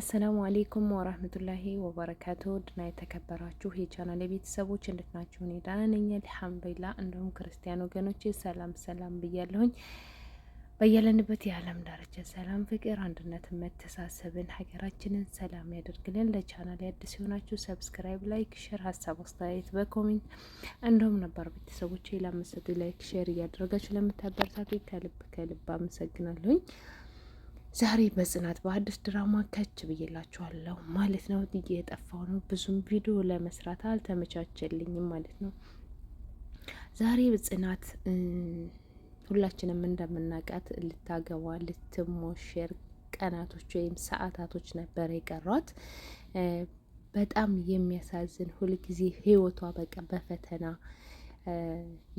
አሰላሙ አሌይኩም ወራህመቱላሂ ወበረካቱ ድና የተከበራችሁ የቻናል የቤተሰቦች እንዴት ናችሁ? እኔ ደህና ነኝ አልሐምዱሊላህ። እንዲሁም ክርስቲያን ወገኖች ሰላም ሰላም ብያለሁኝ። በያለንበት የዓለም ዳርቻ ሰላም፣ ፍቅር፣ አንድነት፣ መተሳሰብን ሀገራችንን ሰላም ያደርግልን። ለቻናል አዲስ የሆናችሁ ሰብስክራይብ፣ ላይክ፣ ሼር፣ ሀሳብ አስተያየት በኮሜንት እንዲሁም ነባር ቤተሰቦች ላመሰቱ ላይክ ሼር እያደረጋችሁ ለምታበረታቱ ከልብ ከልብ አመሰግናለሁኝ። ዛሬ በጽናት በአዲስ ድራማ ከች ብዬላችኋለሁ ማለት ነው። ጥዬ የጠፋው ነው ብዙም ቪዲዮ ለመስራት አልተመቻቸልኝም ማለት ነው። ዛሬ ጽናት ሁላችንም እንደምናውቃት ልታገባ ልትሞሸር ቀናቶች ወይም ሰዓታቶች ነበር የቀሯት። በጣም የሚያሳዝን ሁልጊዜ ህይወቷ በቃ በፈተና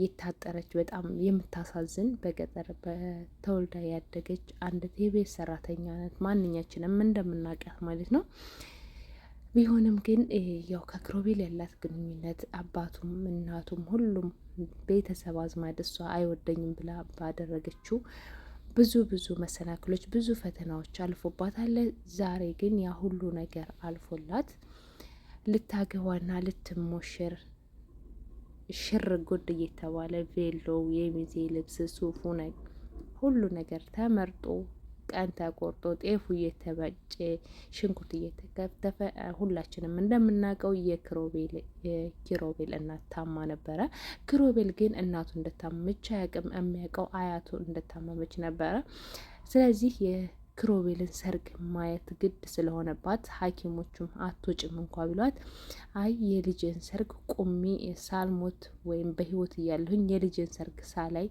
የታጠረች በጣም የምታሳዝን በገጠር በተወልዳ ያደገች አንድ የቤት ሰራተኛ ናት። ማንኛችንም እንደምናውቃት ማለት ነው። ቢሆንም ግን ያው ከክሮቤል ያላት ግንኙነት አባቱም እናቱም ሁሉም ቤተሰብ አዝማድ እሷ አይወደኝም ብላ ባደረገችው ብዙ ብዙ መሰናክሎች ብዙ ፈተናዎች አልፎባታል። ዛሬ ግን ያ ሁሉ ነገር አልፎላት ልታገባና ልትሞሽር። ሽር ጉድ እየተባለ ቬሎው፣ የሚዜ ልብስ፣ ሱፉ ሁሉ ነገር ተመርጦ ቀን ተቆርጦ ጤፉ እየተበጨ ሽንኩርት እየተከተፈ ሁላችንም እንደምናውቀው የኪሮቤል እናት ታማ ነበረ። ኪሮቤል ግን እናቱ እንደታመመች አያውቅም። የሚያውቀው አያቱ እንደታመመች ነበረ። ስለዚህ ክሮቤልን ሰርግ ማየት ግድ ስለሆነባት ሐኪሞቹም አትወጭም እንኳ ቢሏት አይ የልጅን ሰርግ ቁሚ ሳልሞት ወይም በህይወት እያለሁኝ የልጅን ሰርግ ሳላይ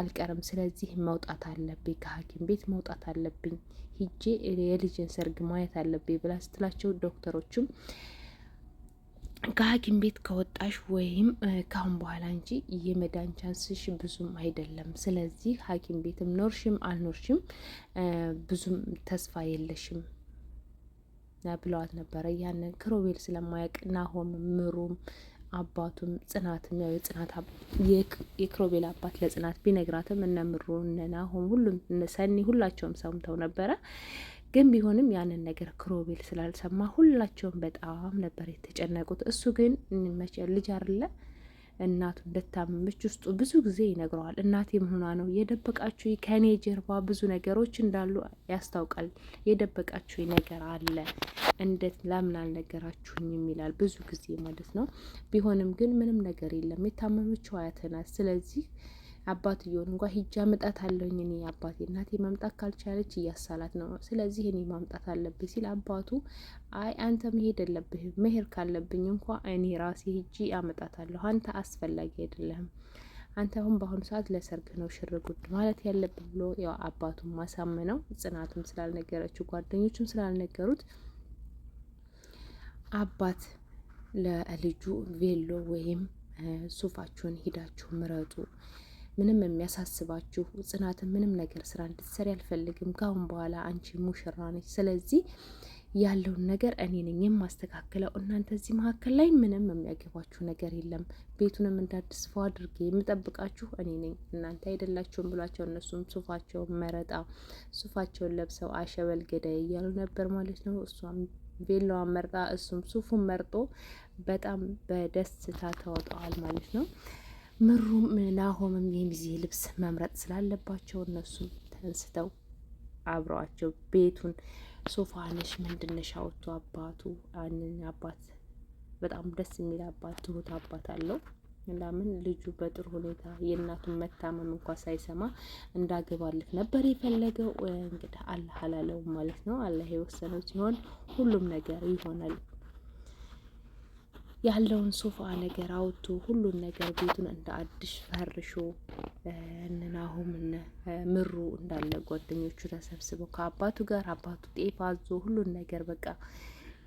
አልቀርም። ስለዚህ መውጣት አለብኝ፣ ከሐኪም ቤት መውጣት አለብኝ፣ ሂጄ የልጅን ሰርግ ማየት አለብኝ ብላ ስትላቸው ዶክተሮቹም ከሐኪም ቤት ከወጣሽ ወይም ካሁን በኋላ እንጂ የመዳን ቻንስሽ ብዙም አይደለም። ስለዚህ ሐኪም ቤትም ኖርሽም አልኖርሽም ብዙም ተስፋ የለሽም ብለዋት ነበረ። ያንን ክሮቤል ስለማያውቅ ናሆም፣ ምሩም፣ አባቱም ጽናትም ያው የጽናት የክሮቤል አባት ለጽናት ቢነግራትም እነ ምሩ እነ ናሆም ሁሉም ሰኒ ሁላቸውም ሰምተው ነበረ። ግን ቢሆንም ያንን ነገር ክሮቤል ስላልሰማ ሁላቸውም በጣም ነበር የተጨነቁት። እሱ ግን መቼ ልጅ አለ እናቱ እንደታመመች ውስጡ ብዙ ጊዜ ይነግረዋል። እናቴ ምሆኗ ነው የደበቃችሁ ከእኔ ጀርባ ብዙ ነገሮች እንዳሉ ያስታውቃል። የደበቃችሁ ነገር አለ፣ እንዴት ለምን አልነገራችሁኝም? ይላል ብዙ ጊዜ ማለት ነው። ቢሆንም ግን ምንም ነገር የለም የታመመችው አያት ናት። ስለዚህ አባትየውን እንኳ ሂጃ ምጣት አለኝ እኔ አባቴ እናቴ መምጣት ካልቻለች እያሳላት ነው። ስለዚህ እኔ ማምጣት አለብኝ ሲል አባቱ አይ አንተ መሄድ የለብህም መሄድ ካለብኝ እንኳ እኔ ራሴ ሂጂ አመጣታለሁ። አንተ አስፈላጊ አይደለህም። አንተ አሁን በአሁኑ ሰዓት ለሰርግ ነው ሽር ጉድ ማለት ያለብህ ብሎ ያው አባቱን ማሳመነው። ጽናቱም ስላልነገረችው ጓደኞቹም ስላልነገሩት አባት ለልጁ ቬሎ ወይም ሱፋችሁን ሂዳችሁ ምረጡ ምንም የሚያሳስባችሁ ጽናትን ምንም ነገር ስራ እንድትሰሪ አልፈልግም። ካሁን በኋላ አንቺ ሙሽራ ነች። ስለዚህ ያለውን ነገር እኔ ነኝ የማስተካክለው። እናንተ እዚህ መካከል ላይ ምንም የሚያገባችሁ ነገር የለም። ቤቱንም እንዳዲስ ፎ አድርጌ የምጠብቃችሁ እኔ ነኝ፣ እናንተ አይደላችሁም ብሏቸው እነሱም ሱፋቸውን መረጣ ሱፋቸውን ለብሰው አሸበል ገዳይ እያሉ ነበር ማለት ነው። እሷም ቬላዋን መርጣ እሱም ሱፉን መርጦ በጣም በደስታ ተወጠዋል ማለት ነው። ምሩም ናሆምም ይህን ጊዜ ልብስ መምረጥ ስላለባቸው እነሱም ተንስተው አብረዋቸው ቤቱን ሶፋነሽ ምንድነሽ አወጡ። አባቱ አንን አባት በጣም ደስ የሚል አባት ትሁት አባት አለው። ለምን ልጁ በጥሩ ሁኔታ የእናቱን መታመም እንኳ ሳይሰማ እንዳገባልህ ነበር የፈለገው። እንግዲህ አላህ አላለውም ማለት ነው። አላህ የወሰነው ሲሆን ሁሉም ነገር ይሆናል። ያለውን ሶፋ ነገር አውጥቶ ሁሉን ነገር ቤቱን እንደ አዲስ ፈርሾ እንናሁም ምሩ እንዳለ ጓደኞቹ ተሰብስበው ከአባቱ ጋር አባቱ ጤፍ አዞ ሁሉን ነገር በቃ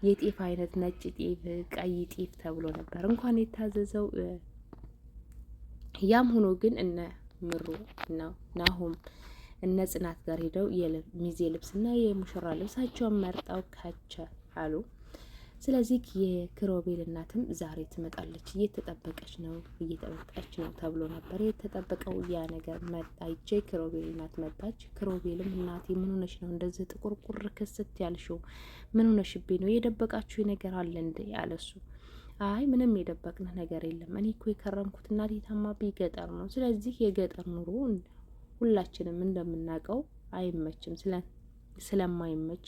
የጤፍ አይነት ነጭ ጤፍ፣ ቀይ ጤፍ ተብሎ ነበር እንኳን የታዘዘው። ያም ሆኖ ግን እነ ምሩ ናሁም እነ ጽናት ጋር ሄደው የሚዜ ልብስና የሙሽራ ልብሳቸውን መርጠው ከቸ አሉ። ስለዚህ የክሮቤል እናትም ዛሬ ትመጣለች፣ እየተጠበቀች ነው እየጠበቀች ነው ተብሎ ነበር የተጠበቀው። ያ ነገር መጣ። ይቼ ክሮቤል እናት መጣች። ክሮቤልም እናቴ ምን ሆነሽ ነው እንደዚህ ጥቁርቁር ክስት ያልሽው? ምን ሆነሽብኝ ነው? የደበቃችሁ ነገር አለ እንደ ያለሱ አይ ምንም የደበቅነ ነገር የለም። እኔ እኮ የከረምኩት እናቴ ታማብኝ ገጠር ነው። ስለዚህ የገጠር ኑሮ ሁላችንም እንደምናውቀው አይመችም ስለማይመች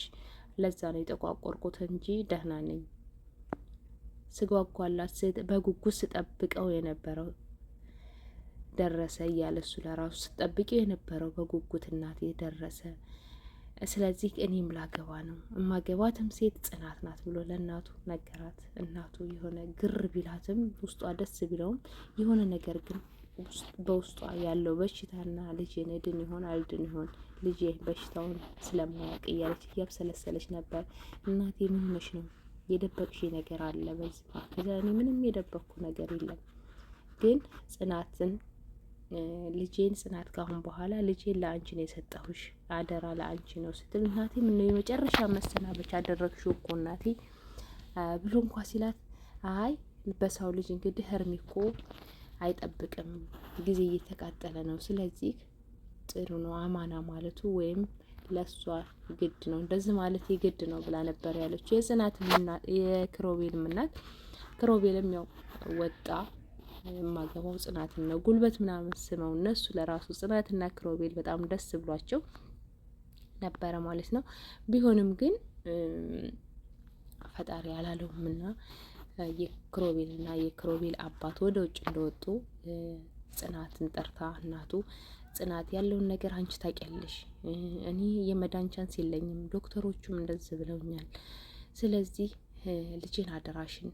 ለዛ ነው የጠቋቆርኩት እንጂ ደህና ነኝ። ስጓጓላት ስት በጉጉት ስጠብቀው የነበረው ደረሰ እያለ እሱ ለራሱ ስጠብቀው የነበረው በጉጉት እናቴ ደረሰ። ስለዚህ እኔም ላገባ ነው እማገባትም ሴት ጽናት ናት ብሎ ለእናቱ ነገራት። እናቱ የሆነ ግር ቢላትም ውስጧ ደስ ቢለውም የሆነ ነገር ግን በውስጧ ያለው በሽታና ልጄን እድን ይሆን አልድን ይሆን ልጄ በሽታውን ስለማያውቅ እያለች እያብሰለሰለች ነበር። እናቴ ምን ሆነሽ ነው? የደበቅሽ ነገር አለ በዚህ ከዛ እኔ ምንም የደበቅኩ ነገር የለም። ግን ጽናትን ልጄን ጽናት ካሁን በኋላ ልጄን ለአንቺ ነው የሰጠሁሽ፣ አደራ ለአንቺ ነው ስትል እናቴ ምነው የመጨረሻ መሰናበቻ አደረግሽው እኮ እናቴ ብሎ እንኳ ሲላት አይ በሰው ልጅ እንግዲህ ህርሜ እኮ አይጠብቅም። ጊዜ እየተቃጠለ ነው። ስለዚህ ጥሩ ነው አማና ማለቱ ወይም ለሷ ግድ ነው እንደዚህ ማለት የግድ ነው ብላ ነበር ያለችው የጽናት እናት የክሮቤልም እናት። ክሮቤልም ያው ወጣ የማገባው ጽናትን ነው ጉልበት ምናምን ስመው እነሱ ለራሱ ጽናትና ክሮቤል በጣም ደስ ብሏቸው ነበረ ማለት ነው። ቢሆንም ግን ፈጣሪ አላለውምና የክሮቤል እና የክሮቤል አባት ወደ ውጭ እንደወጡ ጽናትን ጠርታ እናቱ ጽናት ያለውን ነገር አንቺ ታውቂያለሽ፣ እኔ የመዳን ቻንስ የለኝም፣ ዶክተሮቹም እንደዚህ ብለውኛል። ስለዚህ ልጄን አደራሽን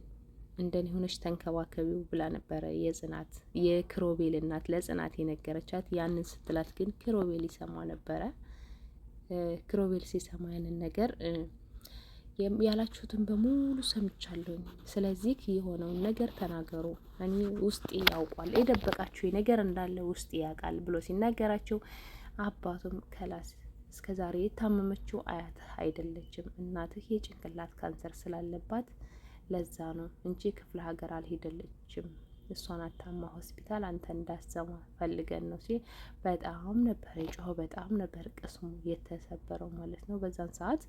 እንደኔ ሆነች ተንከባከቢው ብላ ነበረ የጽናት የክሮቤል እናት ለጽናት የነገረቻት። ያንን ስትላት ግን ክሮቤል ይሰማ ነበረ። ክሮቤል ሲሰማ ያንን ነገር ያላችሁትን በሙሉ ሰምቻለሁኝ። ስለዚህ የሆነውን ነገር ተናገሩ፣ እኔ ውስጤ ያውቋል፣ የደበቃችሁ ነገር እንዳለ ውስጤ ያውቃል ብሎ ሲናገራቸው አባቱም ከላስ እስከዛሬ የታመመችው አያትህ አይደለችም፣ እናትህ የጭንቅላት ካንሰር ስላለባት ለዛ ነው እንጂ ክፍለ ሀገር አልሄደለችም እሷን አታማ ሆስፒታል አንተ እንዳሰማ ፈልገን ነው ሲል በጣም ነበር የጮኸው። በጣም ነበር ቅስሙ የተሰበረው ማለት ነው። በዛን ሰዓት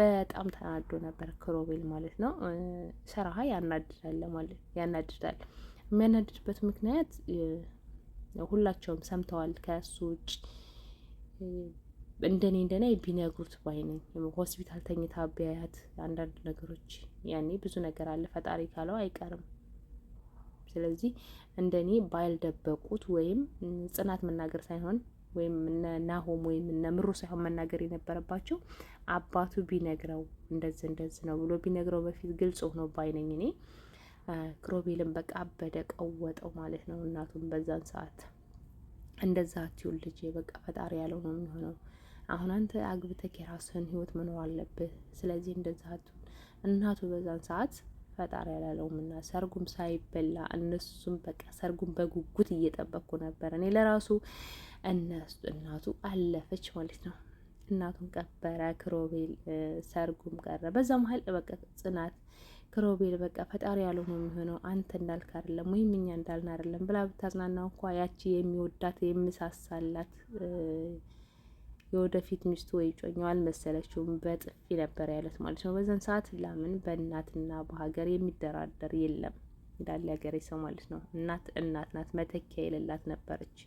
በጣም ተናዶ ነበር ክሮቤል ማለት ነው። ስራሀ ያናድዳል ማለት ያናድዳል። የሚያናድድበት ምክንያት ሁላቸውም ሰምተዋል። ከእሱ ውጭ እንደኔ እንደኔ ቢነግሩት ባይ ሆስፒታል ተኝታ ቢያያት አንዳንድ ነገሮች ያኔ ብዙ ነገር አለ ፈጣሪ ካለው አይቀርም ስለዚህ እንደኔ ባልደበቁት ወይም ጽናት መናገር ሳይሆን ወይም እነ ናሆም ወይም እነ ምሩ ሳይሆን መናገር የነበረባቸው አባቱ ቢነግረው እንደዚህ እንደዚህ ነው ብሎ ቢነግረው በፊት ግልጽ ሆኖ ባይነኝ እኔ ክሮቤልን በቃ አበደ ቀወጠው ማለት ነው። እናቱን በዛን ሰዓት እንደዛ አትዩል በቃ ፈጣሪ ያለው ነው የሚሆነው። አሁን አንተ አግብተህ የራስህን ህይወት መኖር አለብህ። ስለዚህ እንደዛ እናቱ በዛን ሰዓት ፈጣሪ ያላለውምና ሰርጉም ሳይበላ እነሱም በቃ ሰርጉም በጉጉት እየጠበቅኩ ነበር። እኔ ለራሱ እነሱ እናቱ አለፈች ማለት ነው። እናቱን ቀበረ ክሮቤል፣ ሰርጉም ቀረ። በዛ መሀል በቃ ጽናት ክሮቤል በቃ ፈጣሪ ያለው ነው የሚሆነው፣ አንተ እንዳልክ አይደለም ወይም እኛ እንዳልን አይደለም ብላ ብታዝናናው እንኳ ያቺ የሚወዳት የምሳሳላት የወደፊት ሚስቱ ወይ ጮኛው አልመሰለችውም። በጥፊ ነበር ያለት ማለት ነው በዛን ሰዓት። ለምን በእናትና በሀገር የሚደራደር የለም እንዳለ ሀገሬ ሰው ማለት ነው። እናት እናት ናት፣ መተኪያ የሌላት ነበረች።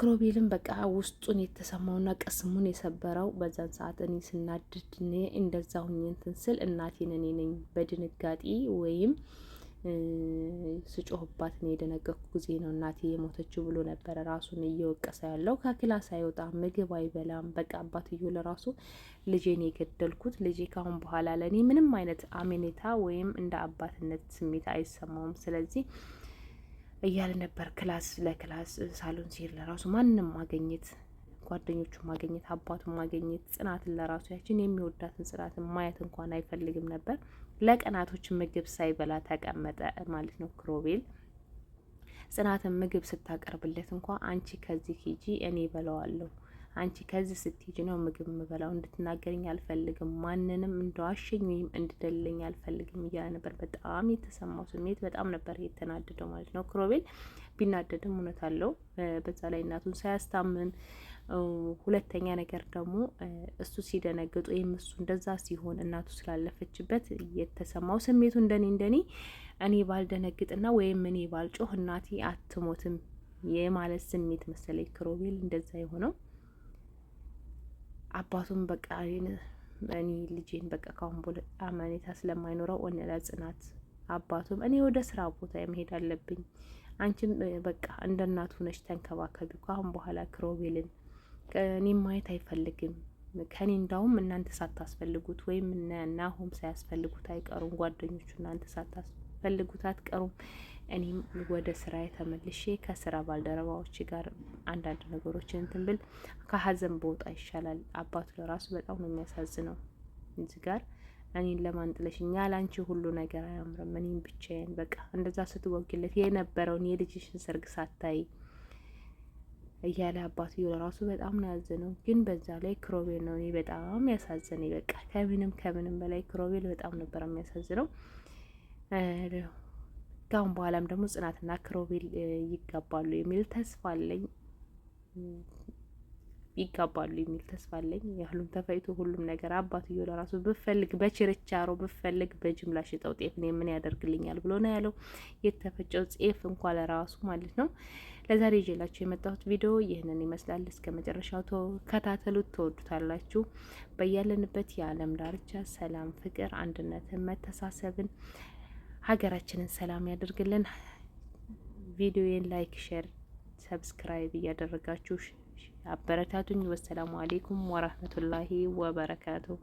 ክሮቤልም በቃ ውስጡን የተሰማውና ቅስሙን የሰበረው በዛን ሰዓት እኔ ስናድድ እኔ እንደዛ ሁኜ እንትን ስል እናቴን እኔ ነኝ በድንጋጤ ወይም ስጮህባት ነው የደነገጥኩ ጊዜ ነው እናቴ የሞተችው ብሎ ነበረ ራሱን እየወቀሰ ያለው። ከክላስ አይወጣም ምግብ አይበላም። በቃ አባትዮ ለራሱ ልጄን የገደልኩት ልጄ ካሁን በኋላ ለእኔ ምንም አይነት አሜኔታ ወይም እንደ አባትነት ስሜት አይሰማውም፣ ስለዚህ እያለ ነበር። ክላስ ለክላስ ሳሎን ሲሄድ ለራሱ ማንም ማገኘት ጓደኞቹ ማገኘት አባቱ ማገኘት ጽናትን ለራሱ ያችን የሚወዳትን ጽናትን ማየት እንኳን አይፈልግም ነበር። ለቀናቶች ምግብ ሳይበላ ተቀመጠ ማለት ነው ክሮቤል። ጽናትን ምግብ ስታቀርብለት እንኳ አንቺ ከዚህ ሂጂ እኔ በለዋለሁ፣ አንቺ ከዚህ ስትሄጂ ነው ምግብ የምበላው፣ እንድትናገርኝ አልፈልግም፣ ማንንም እንደዋሸኝ ወይም እንድደለኝ አልፈልግም እያለ ነበር። በጣም የተሰማው ስሜት በጣም ነበር የተናደደው ማለት ነው ክሮቤል። ቢናደድም እውነት አለው። በዛ ላይ እናቱን ሳያስታምን ሁለተኛ ነገር ደግሞ እሱ ሲደነግጡ ወይም እሱ እንደዛ ሲሆን እናቱ ስላለፈችበት የተሰማው ስሜቱ እንደኔ እንደኔ እኔ ባልደነግጥና ወይም እኔ ባልጮህ እናቴ አትሞትም የማለት ስሜት መሰለኝ ክሮቤል እንደዛ የሆነው። አባቱም በቃ እኔ ልጄን በቃ ካሁን በኋላ አመኔታ ስለማይኖረው ወነላ ጽናት አባቱም እኔ ወደ ስራ ቦታ መሄድ አለብኝ፣ አንቺም በቃ እንደ እናቱ ነሽ ተንከባከቢ ካሁን በኋላ ክሮቤልን እኔም ማየት አይፈልግም ከኔ እንዳውም እናንተ ሳታስፈልጉት ወይም እነ ሳያስፈልጉት አይቀሩም ጓደኞቹ እናንተ ሳታስፈልጉት አትቀሩም። እኔም ወደ ስራዬ ተመልሼ ከስራ ባልደረባዎች ጋር አንዳንድ ነገሮችን እንትን ብል ከሀዘን በወጣ ይሻላል። አባቱ ለራሱ በጣም ነው የሚያሳዝነው። እዚህ ጋር እኔን ለማንጥለሽኛ ላንቺ ሁሉ ነገር አያምርም፣ እኔም ብቻዬን በቃ እንደዛ ስትወጊለት የነበረውን የልጅሽን ሰርግ ሳታይ እያለ አባትዮ ለራሱ በጣም ነው ያዘነው። ግን በዛ ላይ ክሮቤል ነው እኔ በጣም ያሳዘነ። በቃ ከምንም ከምንም በላይ ክሮቤል በጣም ነበር የሚያሳዝነው። ካሁን በኋላም ደግሞ ጽናትና ክሮቤል ይጋባሉ የሚል ተስፋ አለኝ። ይጋባሉ የሚል ተስፋ አለኝ። ያሉም ተፈይቶ ሁሉም ነገር አባትዮ ለራሱ ብፈልግ በችርቻሮ ብፈልግ በጅምላ ሽጠው ጤፍ እኔ ምን ያደርግልኛል ብሎ ነው ያለው። የተፈጨው ጤፍ እንኳ ለራሱ ማለት ነው ለዛሬ ይዤላችሁ የመጣሁት ቪዲዮ ይህንን ይመስላል። እስከ መጨረሻው ተከታተሉት፣ ትወዱታላችሁ። በያለንበት የዓለም ዳርቻ ሰላም፣ ፍቅር፣ አንድነትን፣ መተሳሰብን ሀገራችንን ሰላም ያደርግልን። ቪዲዮዬን ላይክ፣ ሼር፣ ሰብስክራይብ እያደረጋችሁ አበረታቱኝ። ወሰላሙ አሌይኩም ወራህመቱላሂ ወበረካቱ